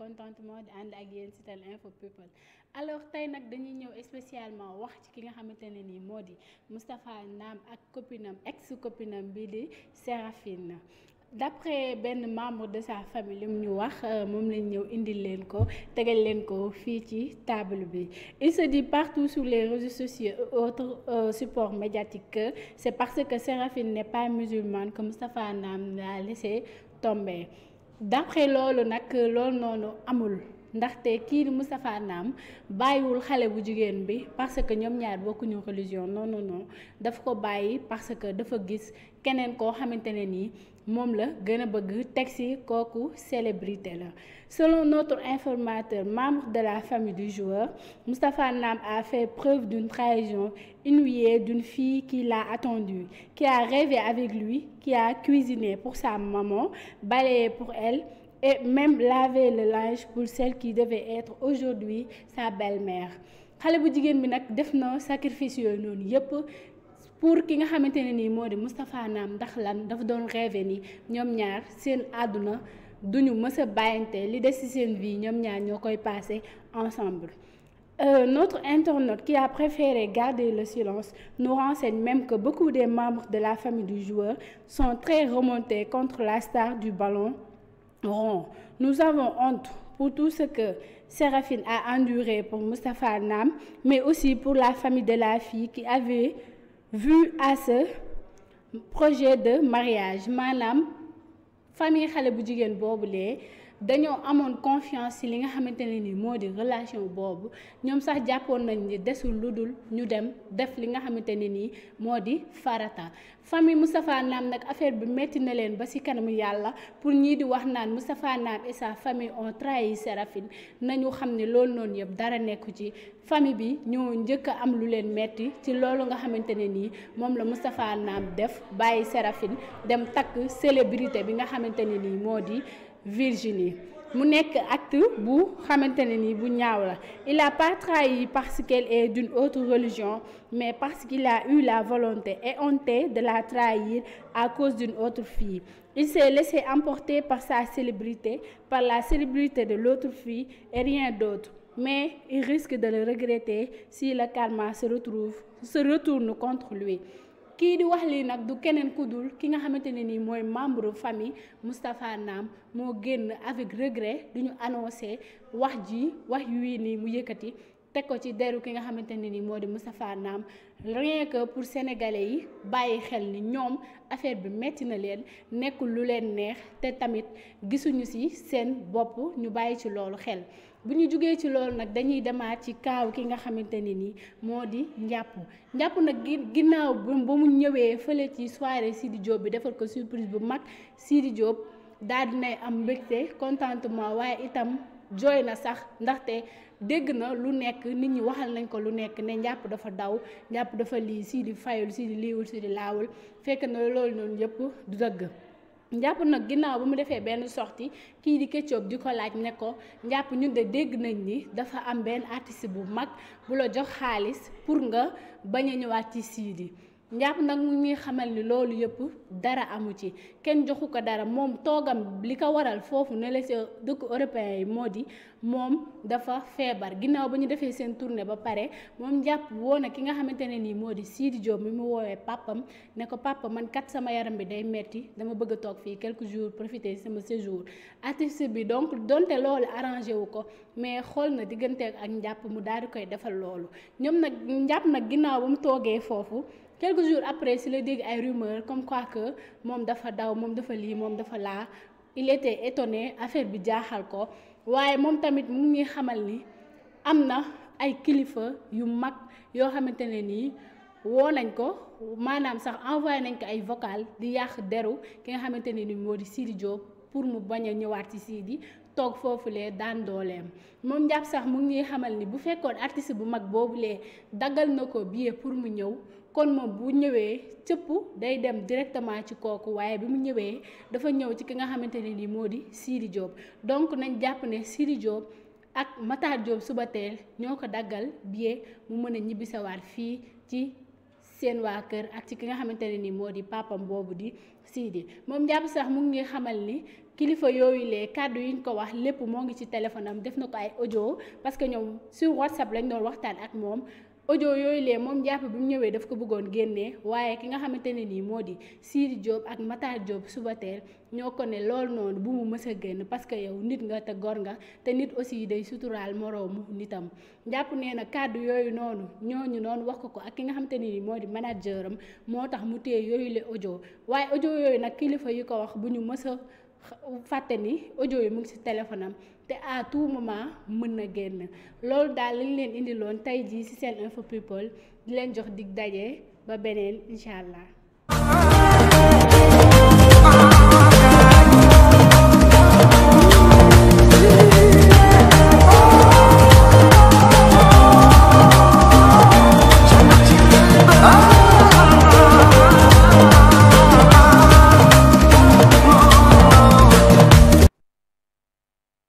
contentement di ànd ak yéen ci Tel Info People alors tey nag dañuy ñëw spécialement wax ci ki nga xamante ne nii moo di Moustapha Naam ak koppinam ex koppinam bi di Séraphine d'après benn membre de sa famille li mu ñu wax euh, moom lañ ñëw indil leen ko tegal leen ko fii ci table bi il se dit partout sur les réseaux sociaux et autres euh, supports c'est parce que Séraphine n'est pas musulmane que Moustapha Nam l'a laissé tomber d'après loolu nag loolu noonu amul ndaxte kii di Naam bàyyiwul xale bu jigéen bi parce que ñoom ñaar bokkuñu religion non noonu non daf ko bàyyi parce que dafa gis keneen koo xamante ne nii moom la gën a bëgg teg ci kooku célébrité la selon notre informateur membre de la famille du joueur Moustapha Nam a fait preuve d'une trahison inouïe d'une fille qui l'a attendu qui a rêvé avec lui qui a cuisiné pour sa maman balayé pour elle et même lavé le linge pour celle qui devait être aujourd'hui sa belle-mère xale bu jigéen bi nag def na sacrifice yooyu noonu yépp pour ki nga xamante ne nii moo di Moustapha Naam ndax lan dafa doon rêvé ni ñoom ñaar seen àdduna duñu mës a bàyyante li des ci seen vie ñoom ñaar ñoo koy passé ensemble Euh, notre internaute qui a préféré garder le silence nous renseigne même que beaucoup des membres de la famille du joueur sont très remontés contre la star du ballon rond. Nous avons honte pour tout ce que Séraphine a enduré pour Moustapha Nam, mais aussi pour la famille de la fille qui avait vue à ce projet de mariage maanaam famille xale bu jigéen boobu lee dañoo amoon confiance ci li nga xamante ne ni moo di relation boobu ñoom sax jàppoon nañ ni desul lu dul ñu dem def li nga xamante ni nii moo di farata famille Moustapha Naam nag affaire bi métti na leen ba ci kanamu yàlla pour ñii di wax naan Moustapha Naam et sa famille ont trahi Séraphine nañu xam ne loolu noon yëpp dara nekku ci famille bi ñoo njëkk a am lu leen metti ci loolu nga xamante ne nii moom la Moustapha Naam def bàyyi Séraphine dem takk célébrité bi nga xamante ni moo di Virginie mu nekk acte bu xamante ne ni bu ñaaw la il a pas trahi parce qu'elle est d'une autre religion mais parce qu'il a eu la volonté et honte de la trahir à cause d'une autre fille il s'est laissé emporter par sa célébrité par la célébrité de l'autre fille et rien d'autre mais il risque de le regretter si le karma se retrouve se retourne contre lui kii di wax lii nag du keneen ku dul ki nga xamante ne nii mooy membre famille Moustapha Naam moo génn avec regret du ñu annoncé wax ji wax yu nii mu yëkkati teg ko ci deru ki nga xamante ne ni moo di Moustapha Naam rien que pour sénégalais yi bàyyi xel ni ñoom affaire bi metti na leen nekkul lu leen neex te tamit gisuñu ci seen bopp ñu bàyyi ci loolu xel. bu ñu jugee ci loolu nag dañuy demaat ci kaaw ki nga xamante ne ni moo di njàpp njàpp nag ginnaaw ba mu ñëwee fële ci soirée Sidi Diop bi defal ko surprise bu mag Sidi Diop daal dinay am mbégte contentement waaye itam. jooy na sax ndaxte dégg na lu nekk nit ñi waxal nañ ko lu nekk ne njàpp dafa daw njàpp dafa lii sii di fayul sii di liiwul sii di laawul fekk na loolu noonu yëpp du dëgg njàpp nag ginnaaw bi mu defee benn sortie kii di Ketchup di ko laaj ne ko njàpp ñun de dégg nañ ni dafa am benn artiste bu mag bu la jox xaalis pour nga bañ a ñëwaat ci Sidy njàpp nag mu ñuy xamal ni loolu yëpp dara amu ci kenn joxu ko dara moom toogam li ko waral foofu ne la sa dëkk européen yi moo di moom dafa feebar ginnaaw ba ñu defee seen tournée ba pare moom njàpp woo na ki nga xamante ne nii moo di Sidi Diop mi mu woowee papam ne ko papa man kat sama yaram bi day metti dama bëgg toog fii quelques jours profiter sama séjour artiste bi donc donte loolu arrangé wu ko mais xool na diggante ak njàpp mu daal di koy defal loolu ñoom nag njàpp nag ginnaaw ba mu toogee foofu quelques jour après ci la dégg ay rumeur comme quoi que moom dafa daw moom dafa lii moom dafa laa il était étonné affaire bi jaaxal ko waaye moom tamit mu ngi xamal ni am na ay kilifa yu mag yoo xamante ne nii woo nañ ko maanaam sax envoyé nañ ko ay vocal di yàq deru ki nga xamante ne ni moo di siidi Diop pour mu bañ a ñëwaat ci Sidi toog lee daan dooleem moom njàpp sax mu ngi xamal ni bu fekkoon artiste bu mag boobu lee daggal na ko billet pour mu ñëw kon moom bu ñëwee cëpp day dem directement ci kooku waaye bi mu ñëwee dafa ñëw ci ki nga xamante ne nii moo di Sidi Diop donc nañ jàpp ne Sidi Diop ak Matar Diop suba teel ñoo ko daggal billet mu mën a ñibbi ñibbisawaat fii ci seen waa kër ak ci ki nga xamante ne nii moo di papam boobu di Sidi moom jàpp sax mu ngi xamal ni kilifa yooyu lee kàddu yi ñu ko wax lépp moo ngi ci téléphone am def na ko ay audio parce que ñoom sur WhatsApp lañu doon waxtaan ak moom. audio yooyu lee moom jàpp bi mu ñëwee daf ko bëggoon génnee waaye ki nga xamante ne nii moo di Sidy Diop ak Matar Diop suba teel ñoo ko ne lool noonu bu mu mës génn parce que yow nit nga te gor nga te nit aussi day suturaal moroomu nitam jàpp nee na kàddu yooyu noonu ñooñu noonu wax ko ko ak ki nga xamante ne nii moo di manager am moo tax mu téye yooyu le ojo waaye audio yooyu nag kilifa yi ko wax bu ñu mës fàtte ni audio yi mu ngi ci téléphone am te à tout moment mën na génn loolu daal li ñu leen indiloon tey jii ci seen info di leen jox dig daje ba beneen incha allah.